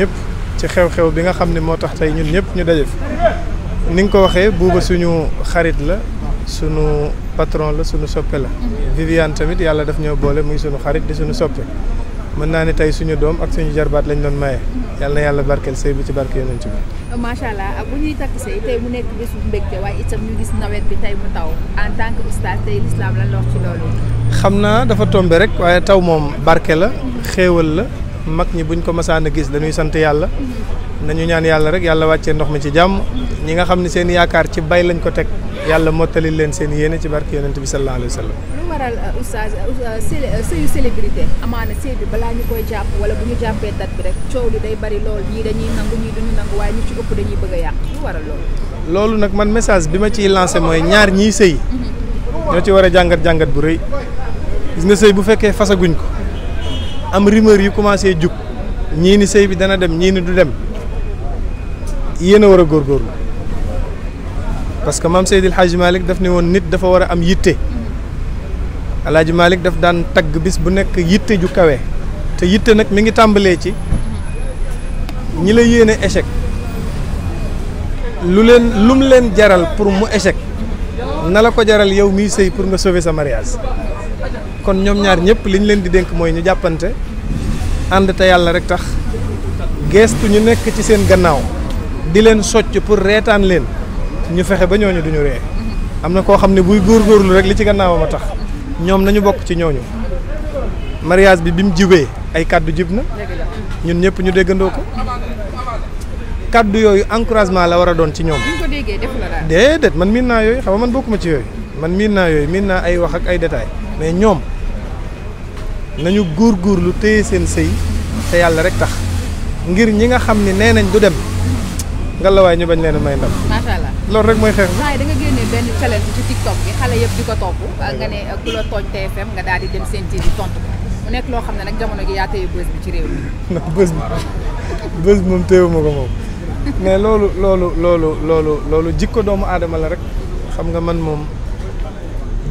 ñëpp ci xew-xew bi nga xam ne moo tax tey ñun ñëpp ñu daje ni nga ko waxee buuba suñu xarit la suñu patron la suñu soppe la Viviane tamit yàlla daf ñoo boole muy suñu xarit di suñu soppe mën naa ne tey suñu doom ak suñu jarbaat lañ doon maye yàlla yàlla barkeel sëy bi ci barke yonent bi macha allah ci loolu xam naa dafa tombe rek waaye taw moom barke la xéewal la mag ñi buñ ko masaan a gis dañuy sant yàlla nañu ñaan yàlla rek yàlla wàccee ndox mi ci jàmm ñi nga xam ne seen yaakaar ci bay lañ ko teg yàlla mottali leen seen yéene ci barke yonent bi sallallahu alayhi wa euh, euh, euh, célébrité amaana sëy bi balaa ñu koy jàpp wala bu ñu jàppee date bi rek coow li day bari lool ñii dañuy nangu ñii duñu nangu waaye ñu ci ëpp dañuy bëgg a yàq lu waral loolu. loolu nag man message bi ma ciy lancé mooy ñaar ñiy sëy mhm. ñoo ci war a jàngat jàngat bu rëy sëy bu fekkee fasaguñ ko am rumeur yu commencé jug ñii ni sëy bi dana dem ñii ni du dem yéen a war a góorgóorlu parce que maam Seydil Hadji Malick daf ne woon nit dafa war a am yitte Alaaji Malick daf daan tagg bis bu nekk yitte ju kawe te yitte nag mi ngi tàmbalee ci ñi la yéene échec lu leen lum leen jaral pour mu échec na la ko jaral yow miy sëy pour nga sove sa mariage kon ñoom ñaar ñëpp li ñu leen di dénk mooy ñu jàppante ànd te yàlla rek tax geestu ñu nekk ci seen gannaaw di leen socc pour reetaan leen ñu fexe ba ñooñu duñu ree am na koo xam ne buy góor góorlu rek li ci gannaawam a tax ñoom ñu bokk ci ñooñu mariage bi bi mu jibee ay kàddu jib na ñun ñëpp ñu déggandoo ko kàddu yooyu encouragement la war a doon ci ñoom déedéet man miin naa yooyu xam nga man bokkuma ci yooyu man miin naa yooyu miin naa ay wax ak ay détails mais ñoom nañu lu téye seen sëy te yàlla rek tax ngir ñi nga xam ni nee nañ du dem nga ngallaawaay ñu bañ leen may ndam. macha loolu rek mooy xeex bi. waaye da nga génne benn challenge ci TikTok bi xale yëpp di ko topp. nga ne euh, ku la tooñ TFM nga daal di dem seen TV tontu ko mu nekk loo xam ne nag jamono gi yaa téye bës bi ci réew mi. non bës bi bës moom téyewu ko moom mais loolu loolu loolu loolu loolu jikko doomu aadama la rek xam nga man moom.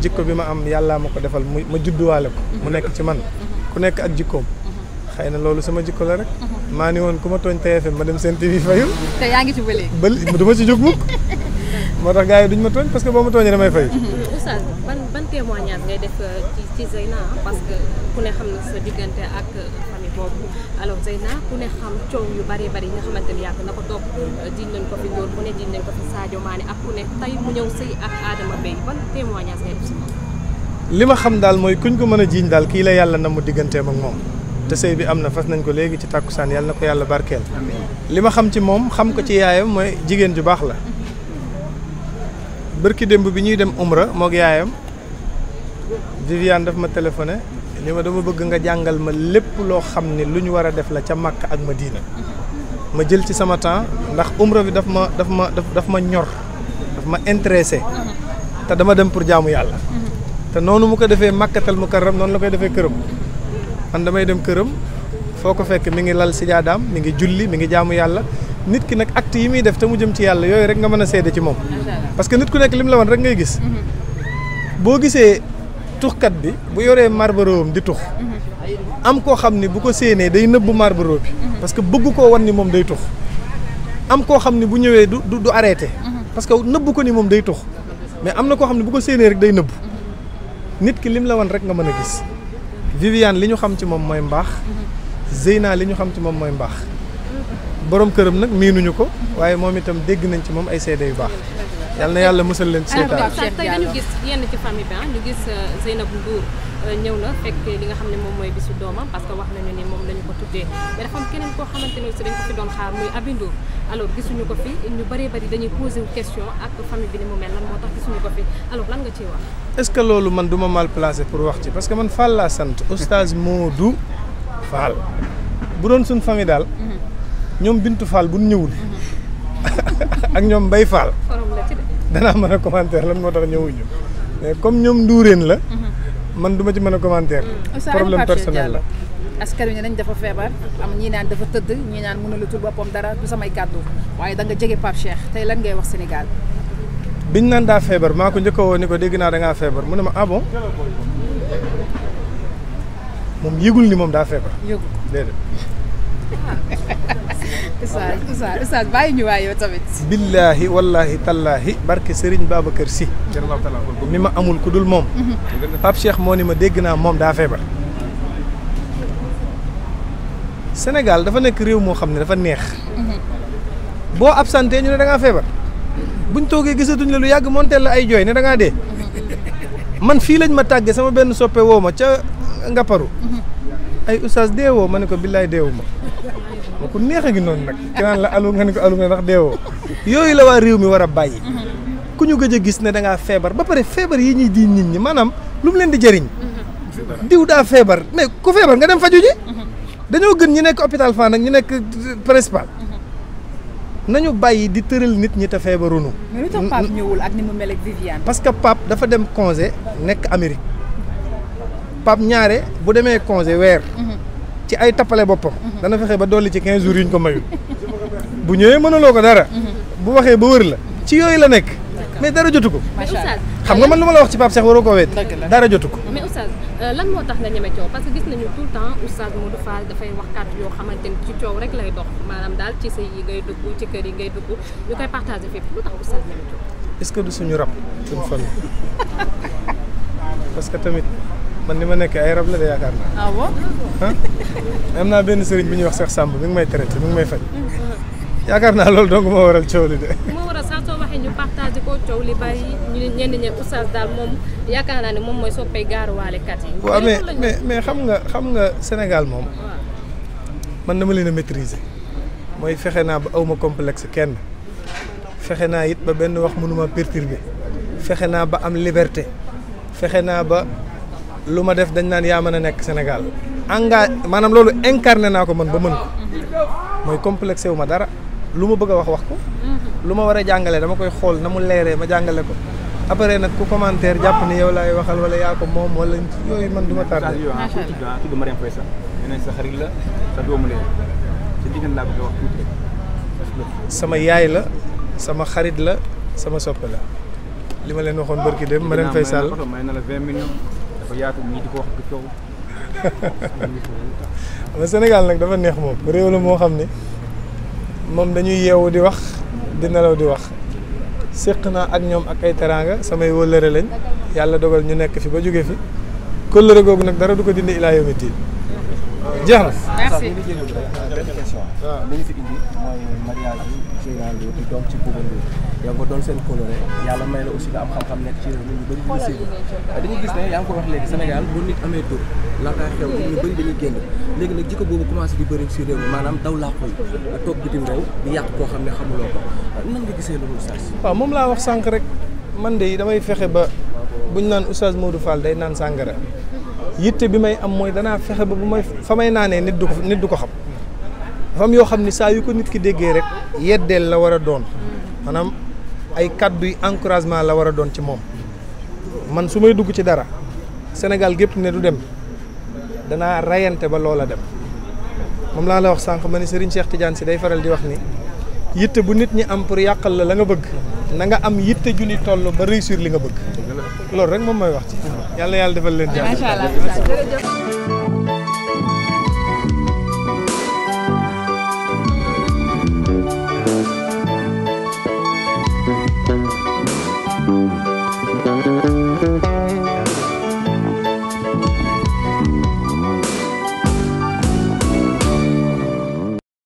jikko bi ma am yàllaa ma ko defal mu ma judduwaale ko mu nekk ci man ku nekk ak jikkoom xëy na loolu sama jikko la rek maa ni woon ku ma tooñ TFM ma dem seen TV fayu te yaa ngi ci ba léegi ba du ma ci jóg mukk moo tax gars yi duñ ma tooñ parce que boo ma tooñee damay fay. Mm-hmm. ban ban ngay def euh, ci Zeyna parce ku ne xam na sa diggante ak euh, famille boobu alors Zeyna ku ne xam coow yu bari bari yi nga xamante euh, li ma xam daal mooy kuñ ko mën a jiiñ daal kii la yàlla na mu digganteem ak moom. Mm-hmm. te sëy bi am na fas nañ ko léegi ci tàkkusaan yàlla na ko yàlla barkeel. li ma xam ci moom xam ko ci yaayam mooy jigéen ju baax la. Mm-hmm. bërki démb bi ñuy dem umra moog yaayam Viviane daf ma téléphoné ni ma dama bëgg nga jàngal ma lépp loo xam ne lu ñu war a def la ca Makka ak ma diina ma jël ci sama temps ndax umra bi daf ma daf ma daf ma ñor daf ma intéressé te dama dem pour jaamu yàlla te noonu mu ko defee Makkatal Mukarram noonu la koy defee këram man damay dem këram foo ko fekk mi ngi lal si jaadaam mi ngi julli mi ngi jaamu yàlla nit ki nag acte yi muy def te mu jëm ci yàlla yooyu rek nga mën a seede ci moom parce que nit ku nekk lim la woon rek ngay gis mhm. boo gisee tuxkat bi bu yoree Marlboro am di tux mhm. am koo xam ni bu ko séenee day nëbbu Marlboro bi mhm. parce que bëgg koo wan ni moom day tux am koo xam ni bu ñëwee du du arrêté parce que nëbbu ko ni moom day tux mais am na koo xam ne bu ko séenee rek day nëbbu nit ki lim la wan rek nga mën a gis Viviane li ñu xam ci moom mooy mbaax Zeyna li ñu xam ci moom mooy mbaax borom këram nag miinuñu ko waaye moom itam dégg nañ ci moom ay seede yu baax yal na yàlla musal leen ci seetaan tey dañu gis yenn ci famille bi ah, ñu gis euh, Zeynabou Ndour euh, ñëw na fekk li nga xam ne moom mooy bisu doomam parce que wax nañu ni moom lañu ko tuddee mais am keneen koo xamante ne aussi dañ ko fi doon xaar muy Aby Ndour question ak famille bi mu mel lan moo est-ce que loolu man du ma mal placé wax ci parce que man Fall laa sant oustaz Modou Fall bu doon suñ famille daal ñoom Bintu Fall bu ñu ñëwul ak ñoom Mbaye Fall danaa mën a commentaire lan moo tax ñëwuñu mais comme ñoom nduureen la man duma ci mën a commentaire mm-hmm. problème personnel la askan wi ne nañ dafa feebar am ñii naan dafa tëdd ñii naan mënulatul boppam dara du samay kàddu waaye da nga jege tey lan ngay wax Sénégal biñ naan daa feebar maa ko njëkka woo ni ko dégg naa dangaa feebar mu ne ma ah moom yëgul ni moom daa feebar yëgul oustaz oustaz oustaz bàyyi ñu waay yow tamit. billaahi wallaahi tallaahi barke Serigne Babacar Sy. mi ma amul ku dul moom. Mhm. Pape Cheikh moo ni ma dégg naa moom daa feebar. senegal dafa nekk réew moo xam ne dafa neex. Mhm. boo absenté ñu ne da feebar. buñ toogee gisatuñ la lu yàgg monteel la ay jooy ne da dee. Mhm. man fii lañ ma tàggee sama benn soppe woo ma ca nga paru ay oustaz deewoo ma ne ko billaay deewu ma. ku neex a ngi noonu nag ki naan la alu nga ne ko alu nga ndax woo yooyu la waa réew mi war a bàyyi mhm. ku ñu gëj a gis ne dangaa feebar ba pare feebar yi ñuy di nit ñi maanaam lu mu leen di jëriñ mhm. diw daa feebar mais ku feebar nga dem faju ji mhm. dañoo gën ñu nekk hôpital fan nag ñu nekk euh, principal nañu bàyyi di tëral nit ñi te feebarunu mais lu ñëwul ak ni mu mel parce que Pape dafa dem congé nekk Amérique Pape ñaare bu demee congé weer ci ay tappale boppam mhm. dana fexe ba dolli ci quinze jours yuñ ko mayul bu ñëwee mënaloo ko dara mhm. bu waxee ba wër la ci yooyu la nekk mais dara jotu ko xam nga man lu ma la wax ci Pape Cheikh waroo koo weet dara jotu ko mais oustaz euh, lan moo tax nga ñeme coow parce que gis nañu tout le temps oustaz Modou Fall dafay wax kàddu yoo xamante ni ci coow rek lay dox maanaam daal ci sëy yi ngay dugg ci kër yi ngay dugg ñu koy partagé fépp lu tax oustaz ñeme ce que du suñu rab suñu famille parce que tamit man ni ma nekk ay rab la de yaakaar naa. ah am naa benn sëriñ bu ñuy wax Cheikh Samb mi ngi may traité mi ngi may faj. yaakaar naa loolu donc moo waral coow li de. moo waral saa soo waxee ñu partagé ko coow li bari ñu ñenn ñi oustaz daal moom yaakaar naa ne moom mooy soppay gaaruwaalekat yi. waaw mais mais xam nga xam nga Sénégal moom. man dama leen a maitrise mooy fexe naa ba awma complexe kenn. fexe naa it ba benn wax mënuma perturber. fexe naa ba am liberté. naa ba. lu ma def dañ naan yaa mën a nekk Sénégal enga maanaam loolu incarné naa ko man ba mën ko mooy complexé wu ma dara lu ma bëgg a wax wax ko mhm. lu ma war a jàngale dama koy xool na mu leeree ma jàngale ko après nag ku commentaire jàpp ni yow laay waxal wala yaa ko moom wala yooyu man du ma tardé ah, tudd Marième Faye Sall nee sa xarit sa doomu la sa diggante laa bëgg a wax sama yaay la sama xarit la sama soppe la li ma leen waxoon barki dem Marième Faye Sall may na la 20 millions dafa yaatu ñii ko wax Sénégal nag dafa neex moom réew la moo xam ne moom dañuy yeewu di wax di nelaw di wax séq naa ak ñoom ak ay teraanga samay wëllëre lañ yàlla dogal ñu nekk fi ba jóge fi kóllëre googu nag dara du ko dindi ilaa yawmi diin jeex na. merci li ñu la aussi nga am xam-xam nekk ci réew mi ñu bëri ñu siiw dañu gis ne yaa ngi ko wax léegi Sénégal bu nit amee tur laataa xew ñu bëri dañuy génn léegi nag jikko boobu commencé di bëri moom laa wax sànq rek man de damay fexe ba bu buñ naan oustaz Modou Fall day naan sàngara yitte bi may am mooy danaa fexe ba bu may fa may naanee nit du ko du ko xam dafa am yoo xam ni saa yu ko nit ki déggee rek yeddeel la war a doon maanaam ay kàddu yi encouragement la war a doon ci moom man su may dugg ci dara Sénégal gépp ne du dem danaa reyante ba loola dem moom laa la wax sànq ma ni Serigne Cheikh Tidiane si day faral di wax ni yitte bu nit ñi am pour yàqal la la nga bëgg na nga am yitte ju ni toll ba réussir li nga bëgg loolu rek moom mooy wax ci. yàlla yàlla defal leen jàmm. macha allah.